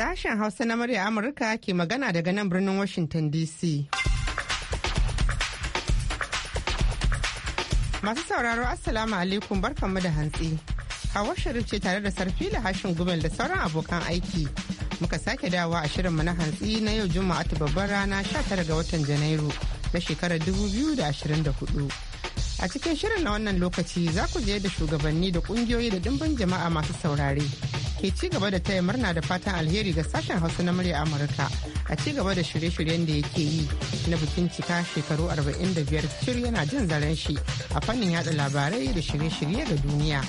Sashen Hausa na murya Amurka ke magana daga nan birnin Washington DC. Masu sauraro Assalamu alaikum barkanmu da hantsi. Hawa Sharif ce tare da sarfi da Hashin Gumel da sauran abokan aiki. Muka sake dawa a shirinmu na hantsi na yau Juma'a ta babbar rana 19 ga watan Janairu na shekarar 2024. a cikin shirin na wannan lokaci za ku je da shugabanni da ƙungiyoyi da dimbin jama'a masu saurare ke ci gaba da taya murna da fatan alheri ga sashen hausa na murya amurka a ci gaba da shirye-shiryen da yake yi na bikin cika shekaru 45 shir yana jin zaren shi a fannin yada labarai da shirye-shirye ga duniya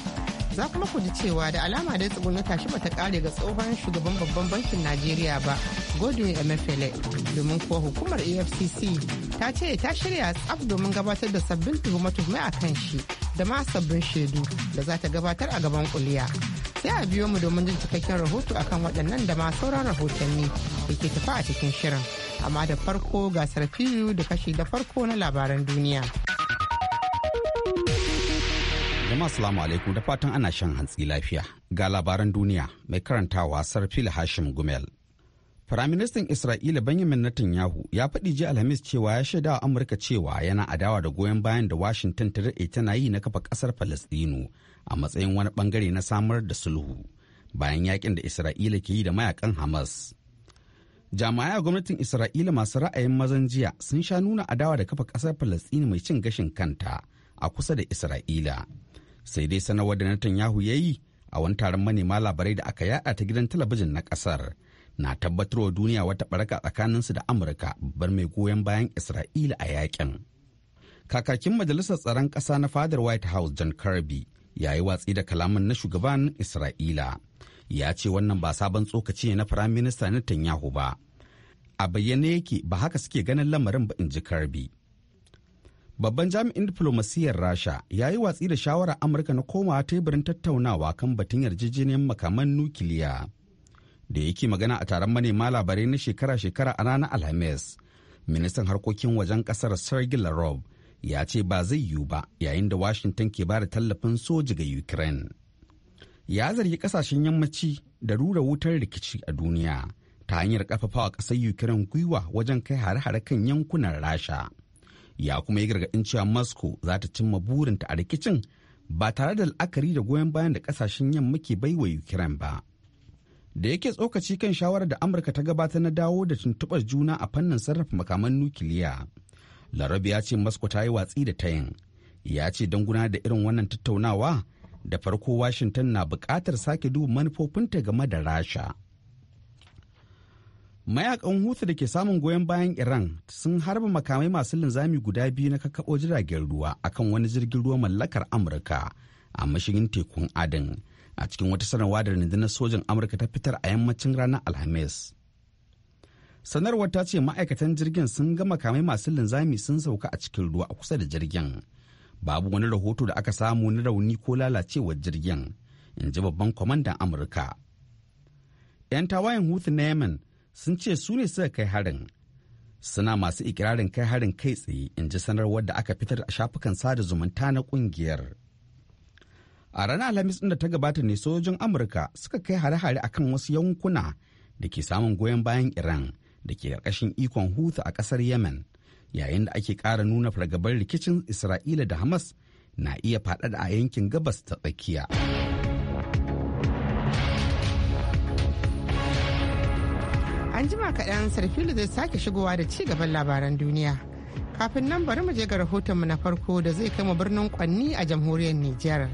za kuma ku ji cewa da alama dai tsugunin tashi bata kare ga tsohon shugaban babban bankin najeriya ba godwin emefiele domin kuwa hukumar efcc ta ce ta shirya tsaf domin gabatar da sabbin tuhume-tuhume a kan shi da ma sabbin shaidu da za ta gabatar a gaban kuliya. sai a biyo mu domin jin cikakken rahoto akan waɗannan da ma sauran rahotanni da ke tafa a cikin shirin amma da farko gasar fiyu da kashi da farko na labaran duniya jama'a salamu alaikum da fatan ana shan hantsi lafiya ga labaran duniya mai karantawa sarfil hashim gumel Firaministan Isra'ila Benjamin Netanyahu ya faɗi ji Alhamis cewa ya shaida wa Amurka cewa yana adawa da goyon bayan da Washington ta daɗe tana yi na kafa ƙasar Falastinu a matsayin wani bangare na samar da sulhu bayan yakin da isra'ila ke yi da mayakan hamas jami'ai a gwamnatin isra'ila masu ra'ayin mazan jiya sun sha nuna adawa da kafa kasar falastini mai cin gashin kanta a kusa da isra'ila sai dai sanarwar da netanyahu ya yi a wani taron manema labarai da aka yada ta gidan talabijin na kasar na tabbatar wa duniya wata baraka su da amurka babbar mai goyon bayan isra'ila a yakin kakakin majalisar tsaron ƙasa na fadar white house john kirby ya yi watsi da kalaman na shugaban Isra'ila. Ya ce wannan ba sabon tsokaci ne na Firaminista na Netanyahu ba. A bayyane yake ba haka suke ganin lamarin ba in ji Karbi. Babban jami'in diflomasiyyar Rasha ya yi watsi da shawarar Amurka na komawa teburin tattaunawa kan batun yarjejeniyar makaman nukiliya. Da yake magana a taron manema labarai na shekara-shekara a ranar Alhamis, ministan harkokin wajen kasar Sergei Larov ya ce ba zai yiwu ba yayin da washington ke ba da tallafin soji ga ukraine ya zargi kasashen yammaci da rura wutar rikici a duniya ta hanyar kafafawa ƙasar ukraine gwiwa wajen kai hare-hare kan yankunan rasha ya kuma yi gargaɗin cewa moscow za ta cimma burinta a rikicin ba tare da la'akari da goyon bayan da kasashen yamma ke baiwa ukraine ba da yake tsokaci kan shawarar da amurka ta gabata na dawo da tuntuɓar juna a fannin sarrafa makaman nukiliya larabi ya ce moscow ta yi watsi da tayin ya ce don gudanar da irin wannan tattaunawa da farko washington na buƙatar sake duba manufofinta game da rasha mayakan hutu da ke samun goyon bayan iran sun harba makamai masu linzami guda biyu na kakkaɓo jiragen ruwa akan wani jirgin ruwa mallakar amurka a mashigin tekun adin a cikin wata sanarwa da rundunar sojan amurka ta fitar a yammacin ranar alhamis sanarwar ta ce ma'aikatan jirgin sun ga makamai masu linzami sun sauka a cikin ruwa a kusa da jirgin babu wani rahoto da aka samu na rauni ko lalacewar jirgin in ji babban kwamandan amurka 'yan tawayen hutu na yemen sun ce su ne suka kai harin suna masu ikirarin kai harin kai tsaye in ji sanarwar da aka fitar a shafukan sada zumunta na kungiyar a ranar alhamis da ta gabata ne sojojin amurka suka kai hare-hare akan wasu yankuna da ke samun goyon bayan iran da ke ƙarƙashin ikon Hutu a ƙasar Yemen yayin da ake ƙara nuna fargabar rikicin Isra'ila da Hamas na iya faɗaɗa a yankin gabas ta tsakiya. An jima kaɗan Sarfilu zai sake shigowa da ci gaban labaran duniya. Kafin nan bari mu je ga rahotonmu na farko da zai kai mu birnin Kwanni a jamhuriyar Nijar.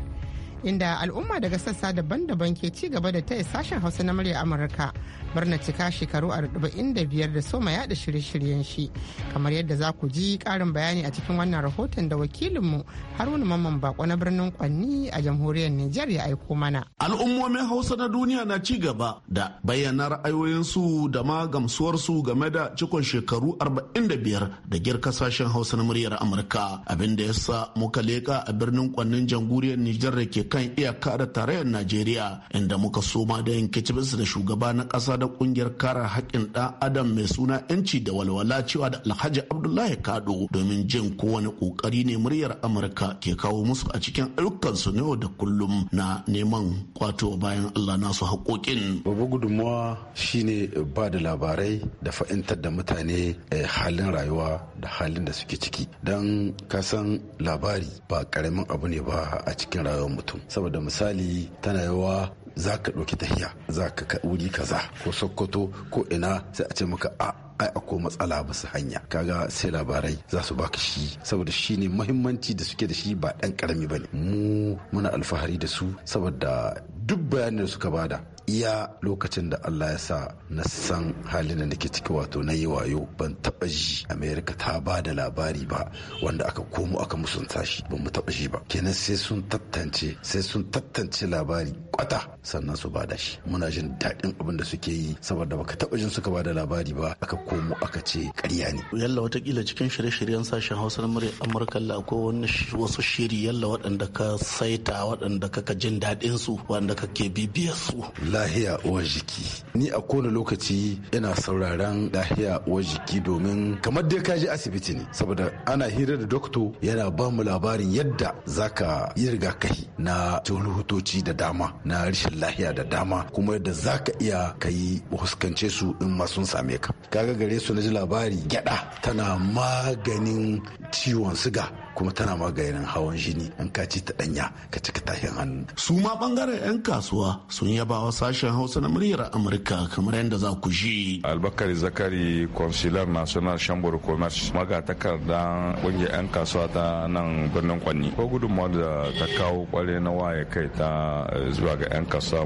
inda al'umma daga sassa daban-daban ke ci gaba da taya sashen hausa na murya amurka murna cika shekaru 45 da soma yada shirye-shiryen shi kamar yadda za ku ji karin bayani a cikin wannan rahoton da wakilinmu haruna mamman bako na birnin kwanni a jamhuriyar nijar ya aiko mana al'ummomin hausa na duniya na ci gaba da bayyana ra'ayoyinsu da ma gamsuwarsu game da cikon shekaru 45 da girka sashen hausa na muryar amurka abinda ya sa muka leƙa a birnin kwannin jamhuriyar nijar da ke kan iyaka da tarayyar najeriya inda muka soma da yanke cibinsu da shugaba na ƙasa da kungiyar kare haƙƙin ɗan adam mai suna yanci da walwala cewa da alhaji abdullahi kado domin jin kowane ƙoƙari ne muryar amurka ke kawo musu a cikin ayyukansu na yau da kullum na neman kwato bayan allah nasu haƙoƙin. babu gudunmawa shine ba da labarai da fahimtar da mutane eh, halin rayuwa da halin da suke ciki don kasan labari ba karamin abu ne ba a cikin rayuwar mutum mutum saboda misali tana yawa za ka ɗauki tahiya za ka wuri kaza ko sokoto ko ina sai a ce maka a ai ako matsala su hanya kaga sai labarai za su baka shi saboda shi ne muhimmanci da suke da shi ba ɗan ƙarami ba ne mu muna alfahari da su saboda duk bayanin da suka bada iya lokacin da Allah ya sa na san halin da nake ciki wato na yi wayo ban taba ji Amerika ta ba da labari ba wanda aka komo aka musunta shi ban mu taba ji ba kenan sai sun tattance sai sun tattance labari kwata sannan su bada shi muna jin daɗin abin da suke yi saboda baka taba jin suka ba da labari ba aka komo aka ce ƙarya ne yalla watakila cikin shirye-shiryen sashen Hausa na murya Amurka la ko wani wasu shiri yalla waɗanda ka saita waɗanda kaka jin daɗin su waɗanda kake bibiyar su lahiya uwar jiki ni a kowane lokaci ina sauraron lahiya uwar jiki domin kamar dai ka je asibiti ne saboda ana hira da dokto yana ba mu labarin yadda zaka yi rigakafi na hutoci da dama na rashin lahiya da dama kuma yadda zaka iya ka yi huskance su in ma sun same ka kaga gare su na ji labari gyada tana maganin ciwon suga kuma tana maganin hawan jini in ka ci ta danya ka cika tashin hannu su ma bangaren yan kasuwa sun yaba wasa sashen hausa na muryar amurka kamar yadda za ku ji albakari zakari consular national chamber of commerce magatakarda kungiyar 'yan kasuwa ta nan birnin kwanni ko gudunmawa da ta kawo kwale na waye kai ta eh, zuwa ga 'yan kasuwa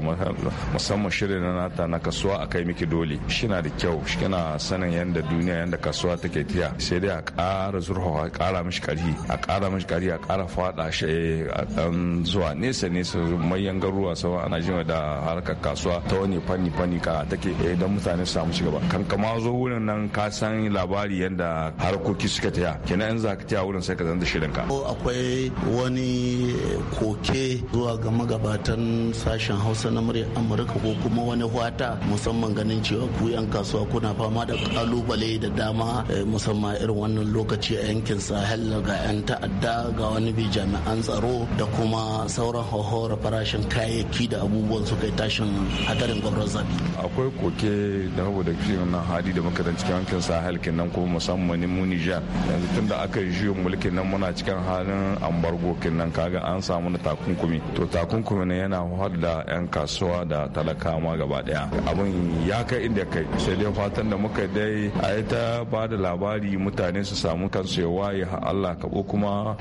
musamman shirin na nata na kasuwa a kai miki dole shi na da kyau shi kana sanin yadda duniya yadda kasuwa take tiya sai dai a ƙara zurfa a ƙara mishi kari a ƙara mishi kari a ƙara faɗa shi eh, a dan zuwa nesa nesa mayan garuwa sau ana jima da harkar kasuwa ta wani fanni fanni ka take idan eh, mutane su samu shigaba kan kama zo wurin nan ka san labari yadda harkoki suka taya kenan in za ka taya wurin sai ka zanta shirin ka ko akwai wani eh, koke zuwa ga magabatan sashen hausa na murya amurka ko kuma wani wata musamman ganin cewa ku yan kasuwa kuna fama da kalubale da dama eh, musamman irin wannan lokaci a yankin sahel ga yan ta'adda ga wani bi jami'an tsaro da kuma sauran hauhawar farashin kayayyaki da abubuwan su kai tashin hadarin gwamnan zabi akwai koke da hau da kishin nan hali da muka cikin hankin sahel kenan kuma musamman mu nijar yanzu tun da aka yi juyin mulkin nan muna cikin halin ambargo kenan kaga an samu na takunkumi to takunkumi ne yana har da yan kasuwa da talakawa gaba daya abin ya kai inda kai sai dai fatan da muka dai a ta ba da labari mutane su samu kansu ya waye Allah kabo kuma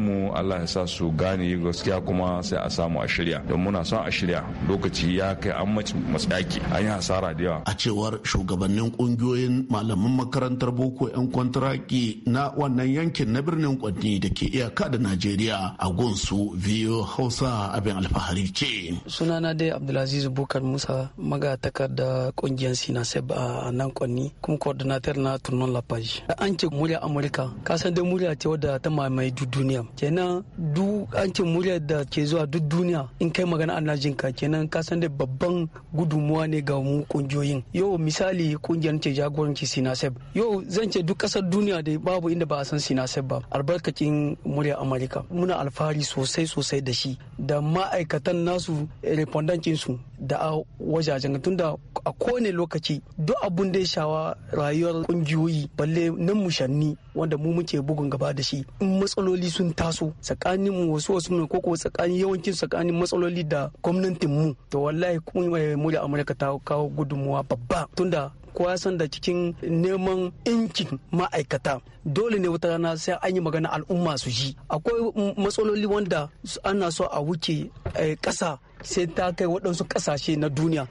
mu Allah ya sa su gane gaskiya kuma sai a samu a shirya don muna son a shirya lokaci ya kai an mace matsaki an yi hasara da yawa a cewar shugabannin kungiyoyin malaman makarantar boko yan kwantaraki na wannan yankin na birnin kwanni da ke iyaka da najeriya a gunsu biyo hausa abin alfahari ce sunana dai abdulaziz bukar musa magatakar da kungiyar sina seb a nan kwanni kuma coordinator na turnon lafaji an ce murya amurka kasan dai murya ce wadda ta mamaye duk duniya kenan duk an ce murya da ke zuwa duk duniya in kai magana jin ka kenan kasan wanda babban gudunmuwa ne ga mu kungiyoyin yau misali kungiyar ce jagoranci sinasef yau zan ce duk kasar duniya da babu inda ba a san sinasef ba albarkacin murya amurka muna alfahari sosai sosai da shi da ma'aikatan nasu respondancin da a wajajen tunda a kowane lokaci duk abun da ya shawa rayuwar kungiyoyi balle nan mushanni wanda mu muke bugun gaba da shi in matsaloli sun taso tsakanin mu wasu wasu ko ko tsakanin yawancin tsakanin matsaloli da gwamnatin mu to wallahi kuma eh, mu da amurka ta kawo gudunmuwa babba tunda kowa san da cikin neman inkin ma'aikata dole ne wata rana sai an yi magana al'umma su ji akwai matsaloli wanda ana so a wuce eh, ƙasa sai ta kai waɗansu ƙasashe na duniya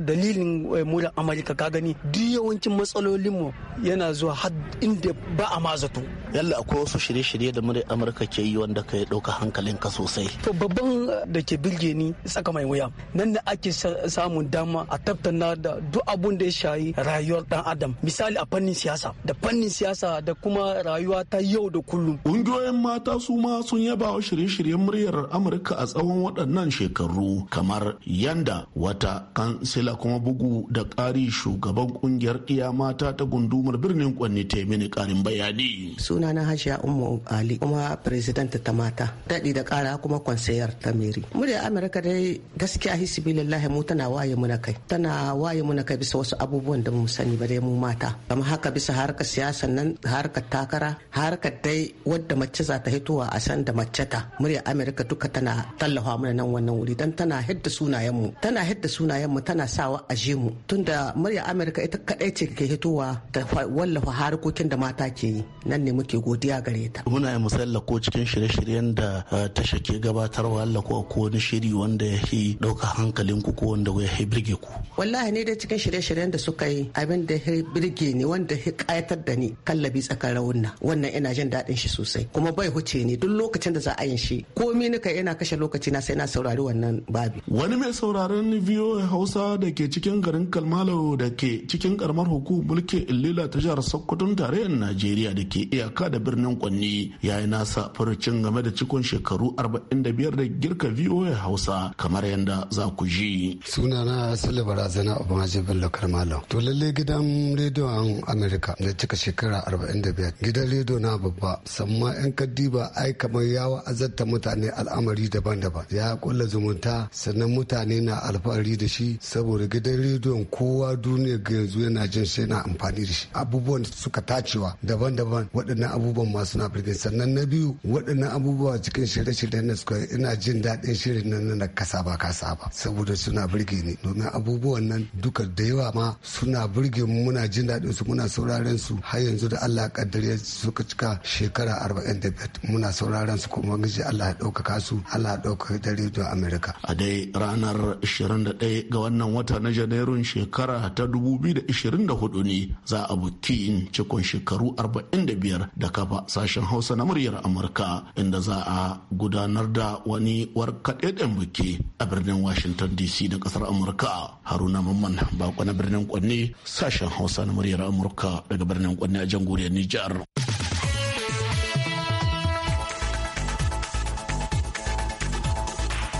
dalilin eh, mura amurka ka gani duk yawancin matsalolinmu yana zuwa har inda ba a mazato yalla akwai wasu shirye-shirye da mura amurka ke yi wanda ka ɗauka hankalin ka sosai to babban eh, da ke birge ni tsaka mai wuya nan da ake samun dama a tattauna da duk abun da ya shayi rayuwar dan adam misali a fannin siyasa da fannin siyasa da kuma rayuwa ta yau da kullum ƙungiyoyin mata su ma sun yaba wa shirye-shiryen muryar amurka a tsawon waɗannan shekaru shekaru kamar yanda wata kansila kuma bugu da ƙari shugaban kungiyar iya mata ta gundumar birnin kwanne ta mini ƙarin bayani. Sunana Hajiya umu Ali kuma president ta mata daɗi da ƙara kuma kwansayar ta Meri. Muryar Amurka dai gaskiya hisibilillahi mu tana waye muna kai tana waye muna kai bisa wasu abubuwan da mu sani ba dai mu mata. Kama haka bisa harkar siyasa nan harkar takara harkar dai wadda mace za ta hitowa a san da mace ta. Muryar Amurka duka tana tallafa mana nan wannan wuri idan tana sunayen mu tana sunayen mu tana sawa a mu tunda murya amurka ita kadai ce ke hitowa da wallafa harkokin da mata ke yi nan ne muke godiya gare ta muna yi musalla ko cikin shirye-shiryen da uh, ta ke gabatarwa Allah ko ko wani shiri wanda ya yi dauka hankalin ku ko wanda ya birge ku wallahi ne dai cikin shirye-shiryen da suka yi abin da ya birge ni wanda ya kayatar da ni kallabi tsakar raunna wannan ina jin daɗin shi sosai kuma bai huce ni duk lokacin da za a yin shi komi nika ina kashe lokaci na sai na saurari wannan nan babi. Wani mai sauraron VOA Hausa da ke cikin garin Kalmalo da ke cikin karamar hukumar mulkin Illila ta jihar Sokoton tarayyar Najeriya da ke iyaka da birnin Kwanni ya yi nasa furucin game da cikon shekaru 45 da girka VOA Hausa kamar yadda za ku ji. Sunana Sule Barazana Obamaji Bello Kalmalo. To lalle gidan rediyon Amerika da cika shekara 45 gidan rediyo na babba samma 'yan kadiba ai kamar ya wa'azarta mutane al'amari daban-daban ya kulla zumun mutunta sannan mutane na alfahari da shi saboda gidan rediyon kowa duniya ga yanzu yana jin shi yana amfani da shi abubuwan suka tacewa daban-daban waɗannan abubuwan masu na birgin sannan na biyu waɗannan abubuwa cikin shirye-shiryen na suka ina jin daɗin shirin nan na kasa ba kasa ba saboda suna birge ni domin abubuwan nan duka da yawa ma suna birge mu muna jin daɗin su muna sauraren su har yanzu da Allah ya suka cika shekara 45 muna sauraren su kuma gaji Allah ya ɗaukaka su Allah ya ɗaukaka da rediyon Amerika haka a dai ranar 21 ga wannan wata na janairun shekara ta 2024 ne za a bukin cikon shekaru 45 da kafa sashen hausa na muryar amurka inda za a gudanar da wani warkaɗeɗen buki a birnin washington dc da ƙasar amurka haruna mamman bako na birnin kwanne sashen hausa na muryar amurka daga birnin kwanne a jamhuriyar nijar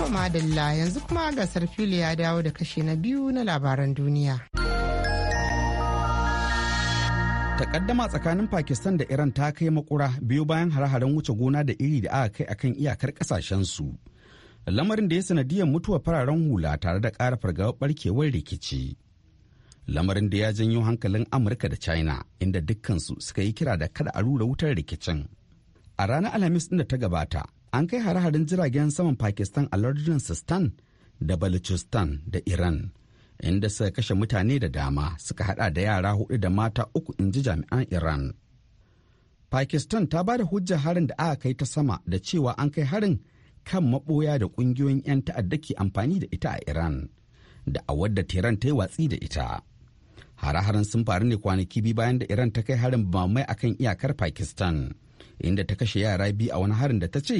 da madalla yanzu kuma gasar fili ya dawo da kashe na biyu na labaran duniya. Takaddama tsakanin Pakistan da Iran ta kai makura biyu bayan hare-haren wuce gona da iri da aka kai akan iyakar kasashensu. Lamarin da ya sanadiyar mutuwar fararen hula tare da ƙara fargabar barkewar rikici. Lamarin da ya janyo hankalin Amurka da China inda dukkansu suka yi kira da kada a rura wutar rikicin. A ranar Alhamis ɗin da ta gabata, an kai hare-haren jiragen saman pakistan a lardunan sistan da balochistan da iran inda suka kashe mutane da dama suka hada da yara hudu da mata uku in ji jami'an iran pakistan ta ba da hujjar harin da aka kai ta sama da cewa an kai harin kan maboya da kungiyoyin 'yan ta'adda ke amfani da ita a iran da a wadda tehran ta yi watsi da ita hare-haren sun faru ne kwanaki biyu bayan da iran ta kai harin bamai akan iyakar pakistan inda ta kashe yara biyu a wani harin da ta ce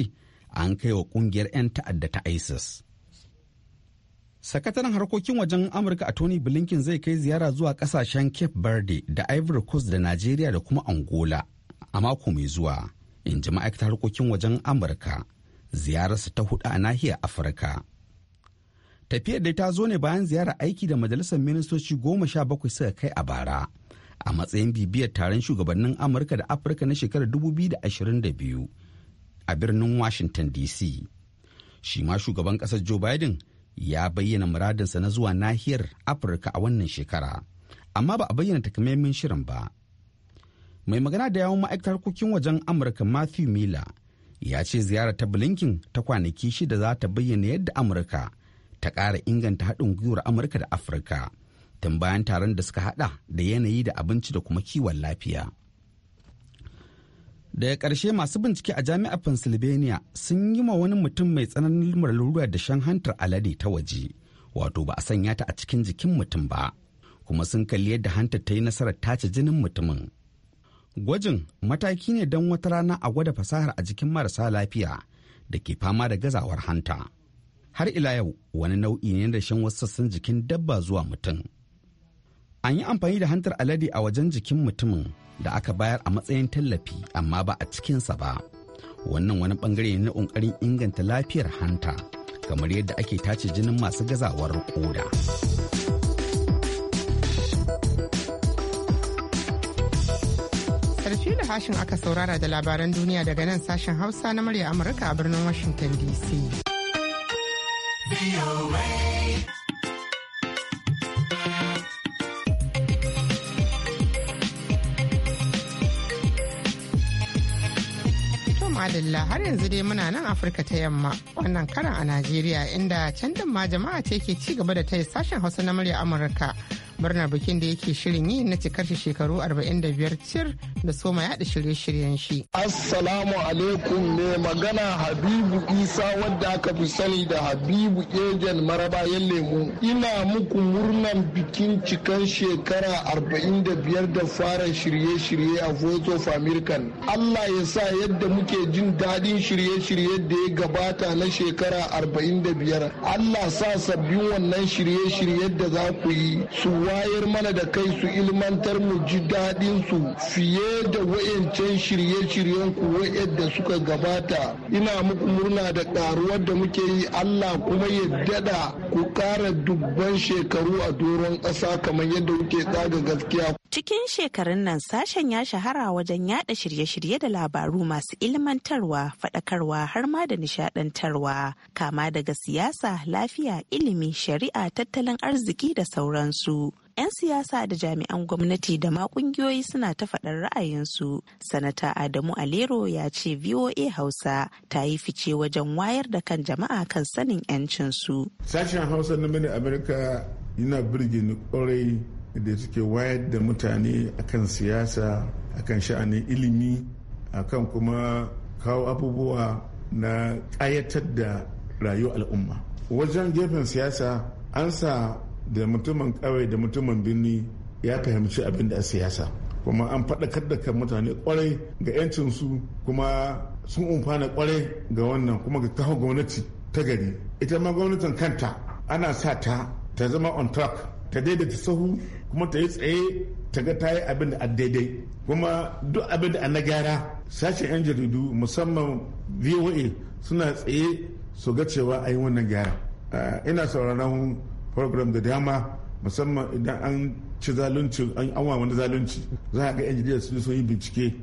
an kai wa kungiyar 'yan ta'adda ta isis sakataren harkokin wajen amurka a tony blinken zai kai ziyara zuwa kasashen cape verde da ivory coast da Najeriya da kuma angola a mako mai zuwa in ji ma'aikatar harkokin wajen amurka ziyararsa ta hudu a nahiyar afirka tafiyar da ta zo ne bayan ziyarar aiki da majalisar ministoci goma sha bakwai suka kai a bara a matsayin bibiyar taron shugabannin amurka da afirka na shekarar biyu. a birnin Washington DC. Shi ma shugaban ƙasar Joe Biden ya bayyana muradinsa na zuwa nahiyar Afirka a wannan shekara, amma ba a bayyana takamaimin shirin ba. Mai magana da yawon ma'aikatar harkokin wajen Amurka Matthew Miller ya ce ziyara ta Blinken ta kwanaki shida za ta bayyana yadda Amurka ta ƙara inganta haɗin gwiwar Amurka da Afirka. tun bayan taron da suka haɗa da yanayi da abinci da kuma kiwon lafiya. daga ƙarshe masu bincike a jami'ar pennsylvania sun yi ma wani mutum mai tsananin lura da shan hantar alade ta waje wato ba a sanya ta a cikin jikin mutum ba kuma sun kalli yadda hantar ta yi nasarar tace jinin mutumin gwajin mataki ne don wata rana a gwada fasahar a jikin marasa lafiya da ke fama da gazawar hanta har ila yau wani nau'i ne da shan wasu sassan jikin dabba zuwa mutum an yi amfani da hantar alade a wajen jikin mutumin da aka bayar a matsayin tallafi amma ba a cikinsa ba wannan wani bangare ne na ƙoƙarin inganta lafiyar hanta kamar yadda ake tace jinin masu gazawar koda. sarfi da hashin aka saurara da labaran duniya daga nan sashen hausa na murya amurka a birnin washington dc. madalla har yanzu dai muna nan afirka ta yamma wannan karan a najeriya inda can din ma jama'a ce ke ci gaba da ta yi sashen hausa na murya amurka murnar bikin da yake shirin yi na cikar shekaru 45 cir da soma yaɗa shirye-shiryen shi. Assalamu alaikum ne magana Habibu Isa wadda aka fi sani da Habibu Ejen Marabayan Lemu. Ina muku murnan bikin cikan shekara 45 da fara shirye-shirye a Voice of American. Allah ya sa yadda muke jin daɗin shirye-shirye da ya gabata na shekara 45. Allah sa sabbin wannan shirye-shirye da za ku yi su wayar mana da kai su ilmantar mu ji daɗin su fiye da wayancan shirye-shiryen ku wayanda suka gabata ina muku murna da karuwar da muke yi Allah kuma ya dada ku kara dubban shekaru a doron ƙasa kamar yadda muke tsaga gaskiya. Cikin shekarun nan sashen ya shahara wajen yada shirye-shirye da labaru masu ilmantarwa, faɗakarwa har ma da nishaɗantarwa, kama daga siyasa, lafiya, ilimi, shari'a, tattalin arziki da sauransu. 'yan siyasa da jami'an gwamnati da ma kungiyoyi suna ta faɗar ra'ayinsu. Sanata Adamu Alero ya ce VOA Hausa ta yi fice wajen wayar da kan jama'a kan sanin 'yancinsu. Sashen Hausa na mini Amurka yana birge ni kwarai da suke wayar da mutane akan siyasa, akan sha'anin ilimi, akan kuma kawo abubuwa na ƙayatar da rayuwar al'umma. Wajen gefen siyasa an sa da mutumin kawai da mutumin birni ya fahimci abin da a siyasa kuma an faɗakar da kan mutane kwarai ga 'yancinsu kuma sun umfana kwarai ga wannan kuma ga kawo gwamnati ta gari ita ma gwamnatin kanta ana sa ta ta zama on track ta daidaita sahu kuma ta yi tsaye ta ga ta yi abin da daidai kuma duk abin da na gyara sashen 'yan jaridu musamman voa suna tsaye su ga cewa a yi wannan gyara ina sauraron program da dama musamman idan an ci zalunci an awa wani zalunci za a ga yan sun sun yi bincike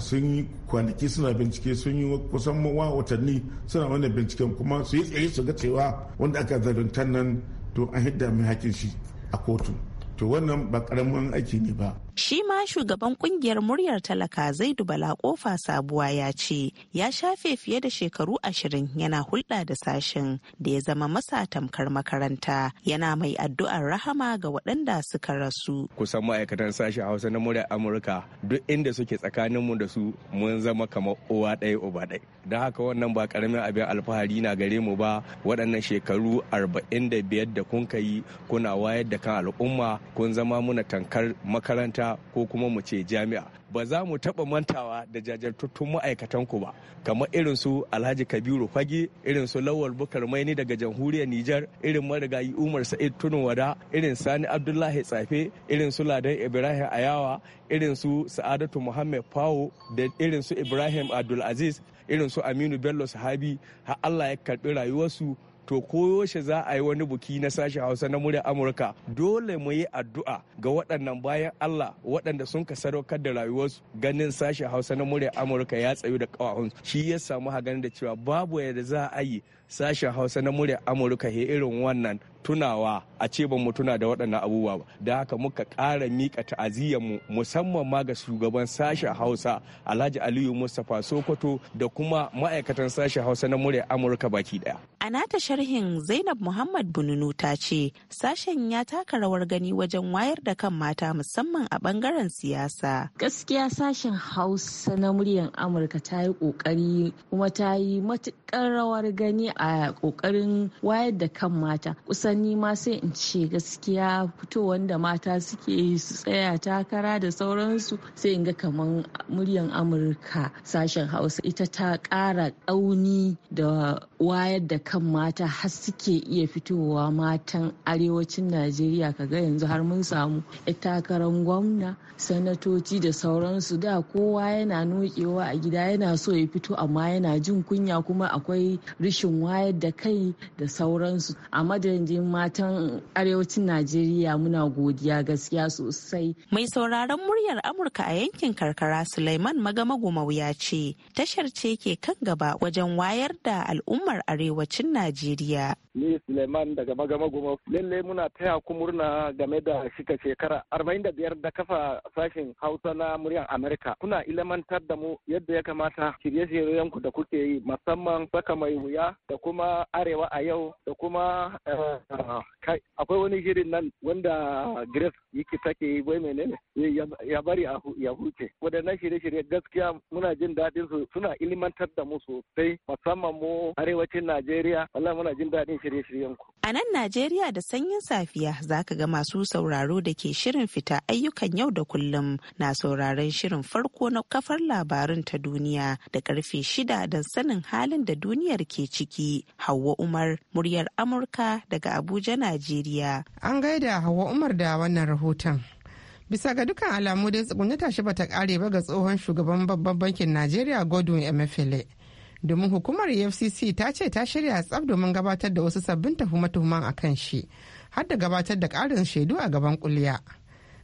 sun yi kwanaki suna bincike sun yi kusan watanni suna wani binciken kuma su yi tsaye su ga cewa wanda aka zaluntar nan to an hidda mai hakin shi a kotu to wannan ba karamin aiki ne ba Shi ma shugaban kungiyar muryar talaka Zaidu Bala kofa sabuwa ya ce ya shafe fiye da shekaru ashirin yana hulɗa da sashen da ya zama masa tamkar makaranta yana mai addu'ar rahama ga waɗanda suka rasu. Kusan ma'aikatan sashen Hausa na muryar Amurka duk inda suke tsakaninmu da su mun zama kamar uwa ɗaya uba ɗaya. Don haka wannan ba karamin abin alfahari na gare mu ba waɗannan shekaru arba'in da biyar da kun yi kuna wayar da kan al'umma kun zama muna tankar makaranta ko kuma mu ce jami'a ba za mu taɓa mantawa da jajirtattun ma'aikatanku ba kamar irin su alhaji kabiru fage irin su lawal bukar maini daga jamhuriyar nijar irin marigayi umar sa'id tunu wada irin sani abdullahi tsafe irin su ladan ibrahim ayawa irin su sa'adatu muhammad fawo da irin su ibrahim abdulaziz irin su aminu bello sahabi har allah ya karɓi rayuwarsu to koyaushe za a yi wani buki na sashen hausa na murya amurka dole mu yi addu'a ga waɗannan bayan allah waɗanda sun ka sadaukar da rayuwarsu ganin sashen hausa na murya amurka ya tsayu da ƙawahunsu shi ya samu haganin da cewa babu yadda za a yi sashen hausa na murya amurka he irin wannan tunawa a ce ban mu tuna da waɗannan abubuwa ba da haka muka ƙara mika mu musamman ma ga shugaban sashen hausa alhaji aliyu mustapha sokoto da kuma ma'aikatan sashen hausa na murya amurka baki ɗaya. a nata sharhin zainab muhammad bununu ta ce sashen ya taka rawar gani wajen wayar da kan mata musamman a bangaren siyasa gaskiya sashen hausa na muryan amurka ta yi kokari kuma ta yi matuƙar rawar gani a kokarin wayar da kan mata kusan ni ma sai in ce gaskiya fitowar da mata suke su tsaya takara da sauransu sai in ga kamar muryan amurka sashen hausa ita ta kara ƙauni da wayar da kan mata har suke iya fitowa matan arewacin najeriya kaga yanzu har mun samu takarar gwamna sanatoci da sauransu da kowa yana nokewa a gida yana so ya fito amma yana jin kunya kuma akwai rishin wayar da kai da sauransu a madadin matan arewacin najeriya muna godiya gaskiya sosai mai sauraron muryar amurka a yankin karkara suleiman magamago mawuya ce tashar ce ke kan gaba wajen wayar da al'umma hukumar arewacin Najeriya. Ni Suleiman daga Magama Gumo. Lalle muna taya ku murna game da shika shekara arba'in da biyar da kafa sashen Hausa na muryar Amerika. Kuna ilimantar da mu yadda ya kamata shirye-shiryen ku da kuke yi musamman saka mai wuya da kuma arewa a yau da kuma eh, akwai wani shirin nan wanda Grace yake sake yi wai menene eh, ya bari ya huce. Wadannan shirye-shirye gaskiya muna jin daɗin su suna ilimantar da mu sosai musamman mu arewa arewacin Najeriya wallahi muna jin daɗin shirye-shiryen ku. A nan Najeriya da sanyin safiya za ka ga masu sauraro da ke shirin fita ayyukan yau da kullum na sauraron shirin farko na kafar labarin ta duniya da karfe shida don sanin halin da duniyar ke ciki. Hauwa Umar muryar Amurka daga Abuja, Najeriya. An gaida Hauwa Umar da wannan rahoton. bisa ga dukkan alamu dai tsugunta tashi bata kare ba ga tsohon shugaban babban bankin najeriya godwin emefiele domin hukumar efcc ta ce ta shirya tsaf domin gabatar da wasu sabbin tuhume-tuhumen a kan shi har da gabatar da ƙarin shaidu a gaban kuliya.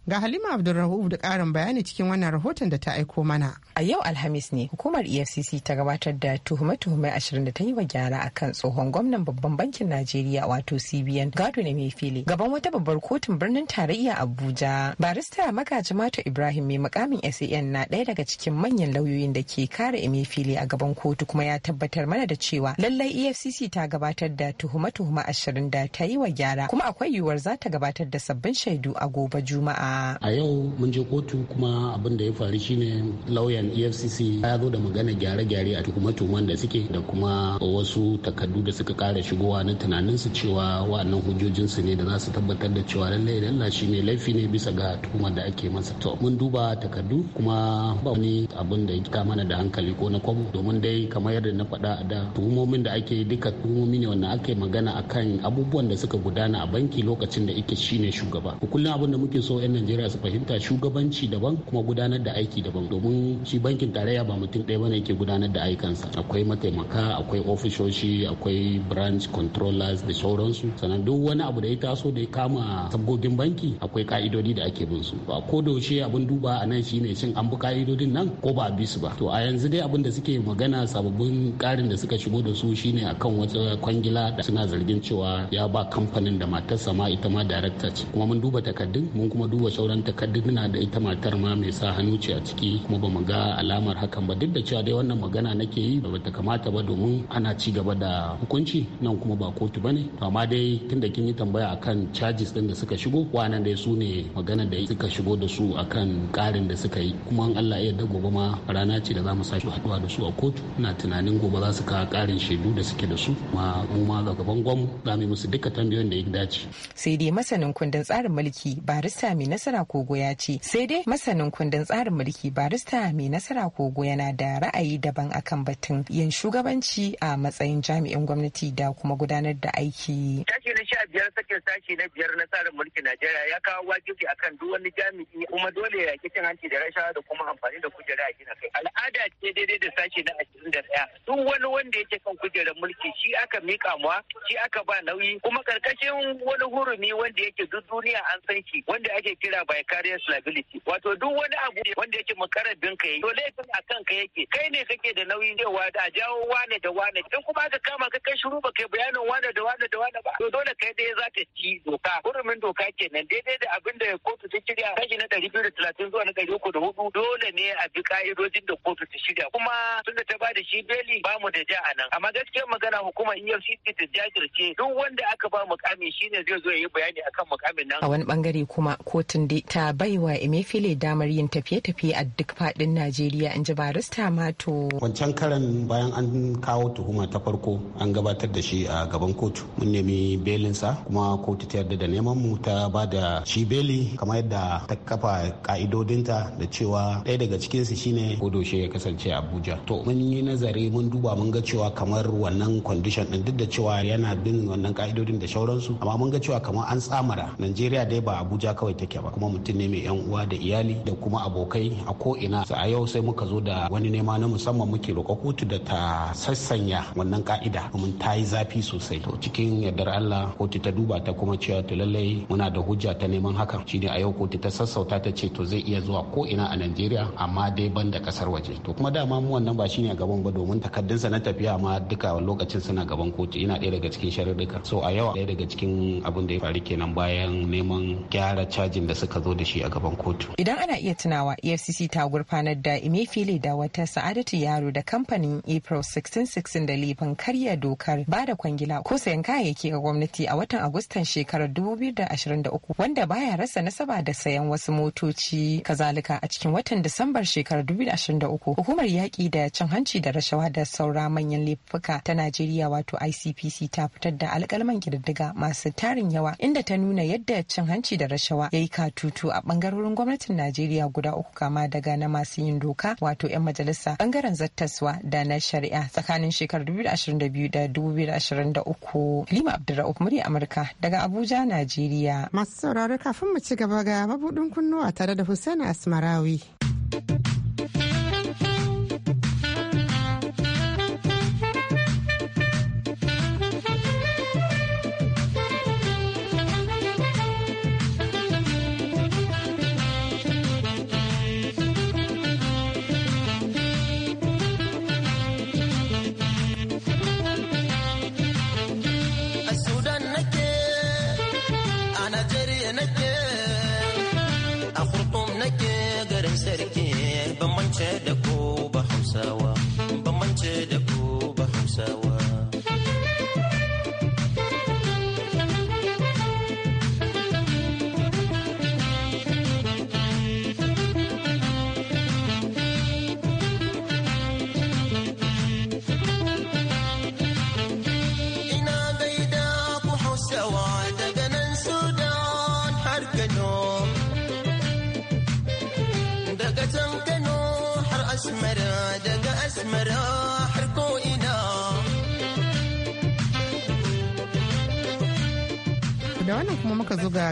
Ga Halima Abdulrahuf da ƙarin bayani cikin wannan rahoton da ta aiko mana. A yau Alhamis ne hukumar EFCC ta gabatar da tuhume-tuhume ashirin da ta yi wa gyara a kan tsohon gwamnan babban bankin Najeriya wato CBN Gado na fili gaban wata babbar kotun birnin tarayya Abuja. Barista magaji Mato Ibrahim mai mukamin SAN na ɗaya daga cikin manyan lauyoyin da ke kare fili a gaban kotu kuma ya tabbatar mana da cewa lallai EFCC ta gabatar da tuhume-tuhume ashirin da ta yi wa gyara kuma akwai yiwuwar za ta gabatar da sabbin shaidu a gobe Juma'a. a yau mun je kotu kuma abin da ya faru shine lauyan efcc ya zo da magana gyare-gyare a tuhume-tuhumen da suke da kuma wasu takardu da suka kara shigowa na tunanin su cewa wa'annan hujjojin su ne da za su tabbatar da cewa lallai lallai shine laifi ne bisa ga tuhumar da ake masa to mun duba takardu kuma ba wani abin da ya mana da hankali ko na kwabo domin dai kamar yadda na faɗa a da tuhumomin da ake duka tuhumomi ne wanda ake magana akan abubuwan da suka gudana a banki lokacin da ike shine shugaba kullum abin da muke so 'yan najeriya su fahimta shugabanci daban kuma gudanar da aiki daban domin shi bankin tarayya ba mutum ɗaya bane yake gudanar da aikansa akwai mataimaka akwai ofishoshi akwai branch controllers da sauransu sannan duk wani abu da ya taso da ya kama sabgogin banki akwai ka'idodi da ake bin su ba ko da yaushe abin duba a nan shine shin an bi ka'idodin nan ko ba a bi su ba to a yanzu dai abin da suke magana sababbin karin da suka shigo da su shine akan wata kwangila da suna zargin cewa ya ba kamfanin da matarsa ma ita ma director ce kuma mun duba takardun mun kuma duba sauran takadduna da ita matar ma mai sa hannu ce a ciki kuma ba mu ga alamar hakan ba duk da cewa dai wannan magana nake yi ba ta kamata ba domin ana ci gaba da hukunci nan kuma ba kotu bane to amma dai tunda kin yi tambaya akan charges din da suka shigo wannan dai su ne magana da suka shigo da su akan karin da suka yi kuma an Allah ya dago gobe ma rana ce da za mu sake haduwa da su a kotu ina tunanin gobe za su kawo karin shaidu da suke da su ma mu ma gaban gwam za mu musu duka tambayoyin da ya dace sai dai masanin kundin tsarin mulki barista mai nasara kogo ya ce sai dai masanin kundin tsarin mulki barista mai nasara kogo yana da ra'ayi daban akan batun yin shugabanci a matsayin jami'in gwamnati da kuma gudanar da aiki. Sashi na sha biyar sakin sashi na biyar na tsarin mulkin Najeriya ya kawo wajibi akan duk wani jami'i kuma dole ya kicin cin hanci da rashawa da kuma amfani da kujera a gina kai. Al'ada ce daidai da sashi na ashirin da daya Duk wani wanda yake kan kujerar mulki shi aka mika muwa shi aka ba nauyi kuma karkashin wani hurumi wanda yake duk duniya an san shi wanda ake kira vicarious liability wato duk wani abu wanda yake mukarrabin ka yake to laifin a kanka yake kai ne kake da nauyin wa da jawo wane da wane in kuma ka kama ka kai shiru ba kai bayanin wane da wane da wane ba to dole kai dai za ta ci doka hurumin doka kenan daidai da abin da kotu ta shirya kashi na ɗari biyu da zuwa na ɗari uku da hudu dole ne a bi ka'idojin da kotu ta shirya kuma tunda ta ba da shi beli ba mu da ja a nan amma gaskiyar magana hukumar EFCC ta jajirce duk wanda aka ba mukami shine zai zo ya yi bayani akan mukamin nan a wani bangare kuma kotu Tunde ta baiwa Emefiele damar yin tafiye-tafiye a duk faɗin Najeriya in ji barista Mato. Wancan karan bayan an kawo tuhuma ta farko an gabatar da shi a gaban kotu. Mun nemi belinsa kuma kotu ta yarda da neman mu ta ba da shi beli kamar yadda ta kafa ka'idodinta da cewa ɗaya daga cikinsu shine kodoshe ya kasance Abuja. To mun yi nazari mun duba mun ga cewa kamar wannan kwandishan ɗin duk da cewa yana bin wannan ka'idodin da shauransu amma mun ga cewa kamar an tsamara Najeriya dai ba Abuja kawai take ba. ba kuma mutum ne mai yan uwa da iyali da kuma abokai a ko ina a yau sai muka zo da wani nema na musamman muke roƙo kotu da ta sassanya wannan ka'ida kuma ta yi zafi sosai to cikin yardar Allah kotu ta duba ta kuma cewa to lallai muna da hujja ta neman hakan shine a yau kotu ta sassauta ta ce to zai iya zuwa ko ina a Najeriya amma dai ban da kasar waje to kuma dama mu wannan ba shine gaban ba domin takaddun sa na tafiya ma duka lokacin suna gaban kotu ina ɗaya daga cikin sharuɗɗuka so a yau ɗaya daga cikin abin da ya faru kenan bayan neman gyara cajin da suka zo da shi a gaban kotu. Idan ana iya tunawa EFCC ta gurfanar da Emefiele da wata sa'adatu yaro da kamfanin April 1616 da lifin karya dokar ba da kwangila ko sayan kayayyaki ga gwamnati a watan Agustan shekarar 2023 wanda baya rasa nasaba da sayan wasu motoci kazalika a cikin watan Disambar shekarar 2023 hukumar yaƙi da cin hanci da rashawa da saura manyan laifuka ta Najeriya wato ICPC ta fitar da alƙalman ƙididdiga masu tarin yawa inda ta nuna yadda cin hanci da rashawa ya yi tutu a bangarorin gwamnatin Najeriya guda uku kama daga na masu yin doka wato 'yan majalisa bangaren zattaswa da na shari'a tsakanin shekarar 2022 da 2023. Lima Abdulrahman murya Amurka daga Abuja, Najeriya. Masu sauraro kafin mu ci gaba ga mabudin kunnuwa tare da Hussein Asmarawi.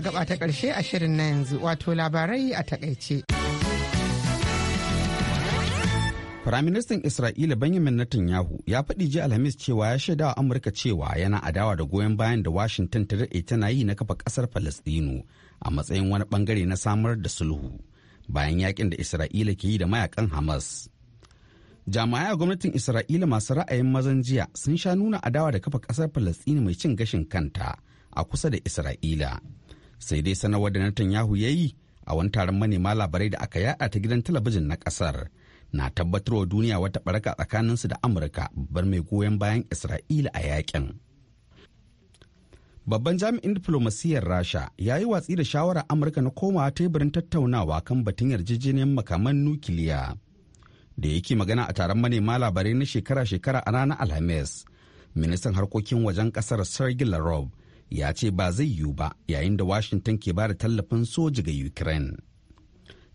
gaba ta ƙarshe a shirin na yanzu wato labarai a takaice. Firaministan Isra'ila Benjamin Netanyahu ya faɗi ji Alhamis cewa ya shaida wa Amurka cewa yana adawa da goyon bayan da Washington ta daɗe tana yi na kafa ƙasar Falastinu a matsayin wani ɓangare na samar da sulhu bayan yakin da Isra'ila ke yi da mayakan Hamas. Jami'ai a gwamnatin Isra'ila masu ra'ayin mazan jiya sun sha nuna adawa da kafa ƙasar Falastinu mai cin gashin kanta a kusa da Isra'ila. sai dai sanarwar da Netanyahu ya yi a wani taron manema labarai da aka yada ta gidan talabijin na kasar na tabbatarwa duniya wata baraka tsakaninsu da amurka babbar mai goyon bayan isra'ila a yakin babban jami'in diflomasiyyar rasha ya yi watsi da shawarar amurka na komawa teburin tattaunawa kan batun yarjejeniyar makaman nukiliya da yake magana a taron manema labarai na shekara-shekara a ranar alhamis ministan harkokin wajen kasar sergei lavrov ya ce ba zai yiwu ba yayin da washington ke bada tallafin soji ga ukraine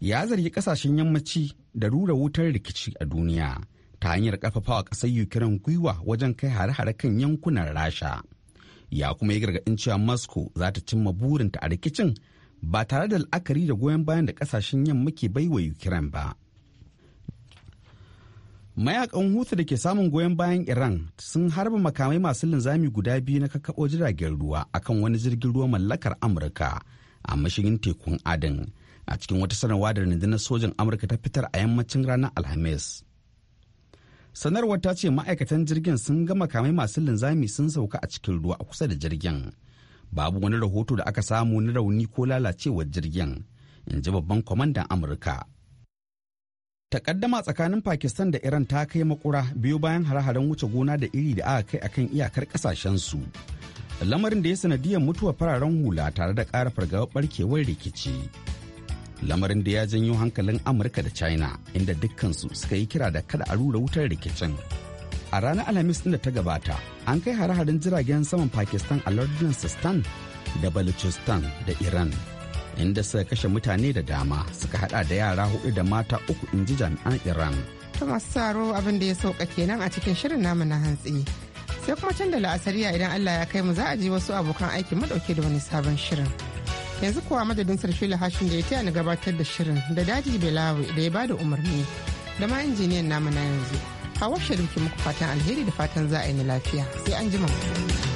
ya zargi kasashen yammaci da rura wutar rikici a duniya ta hanyar kafafawa ƙasar ukraine gwiwa wajen kai hare-hare kan yankunan rasha ya kuma yi gargaɗin cewa moscow za ta cimma burinta a rikicin ba tare da la'akari da goyon bayan da ƙasashen yamma ke baiwa ukraine ba mayakan hutu da ke samun goyon bayan iran sun harba makamai masu linzami guda biyu na kakkaɓo jiragen ruwa akan wani jirgin ruwa mallakar amurka a mashigin tekun adin a cikin wata sanarwa da rundunar sojan amurka ta fitar a yammacin ranar alhamis sanarwar ta ce ma'aikatan jirgin sun ga makamai masu linzami sun sauka a cikin ruwa a kusa da jirgin babu wani rahoto da aka samu na rauni ko lalacewar jirgin in ji babban kwamandan amurka takaddama tsakanin pakistan da iran ta kai makura biyu bayan hare-haren wuce gona da iri da aka kai akan iyakar su. lamarin da ya sanadiyar mutuwar fararen hula tare da ƙara fargaba barkewar rikici lamarin da ya janyo hankalin amurka da china inda dukkansu suka yi kira da kada a rura wutar rikicin a ranar alhamis da ta gabata an kai hare-haren jiragen saman pakistan a lardunan sistan da baluchistan da iran inda suka kashe mutane da dama suka hada da yara hudu da mata uku in ji jami'an iran ta masu saro abin da ya sauka kenan a cikin shirin namu na hantsi sai kuma can da la'asariya idan allah ya kai mu za a je wasu abokan aiki madauke da wani sabon shirin yanzu kuwa madadin sarfila lahashin da ya taya ni gabatar da shirin da daji belawi da ya bada umarni da ma injiniyan namu na yanzu hawa sharif muku fatan alheri da fatan za a yi lafiya sai an ji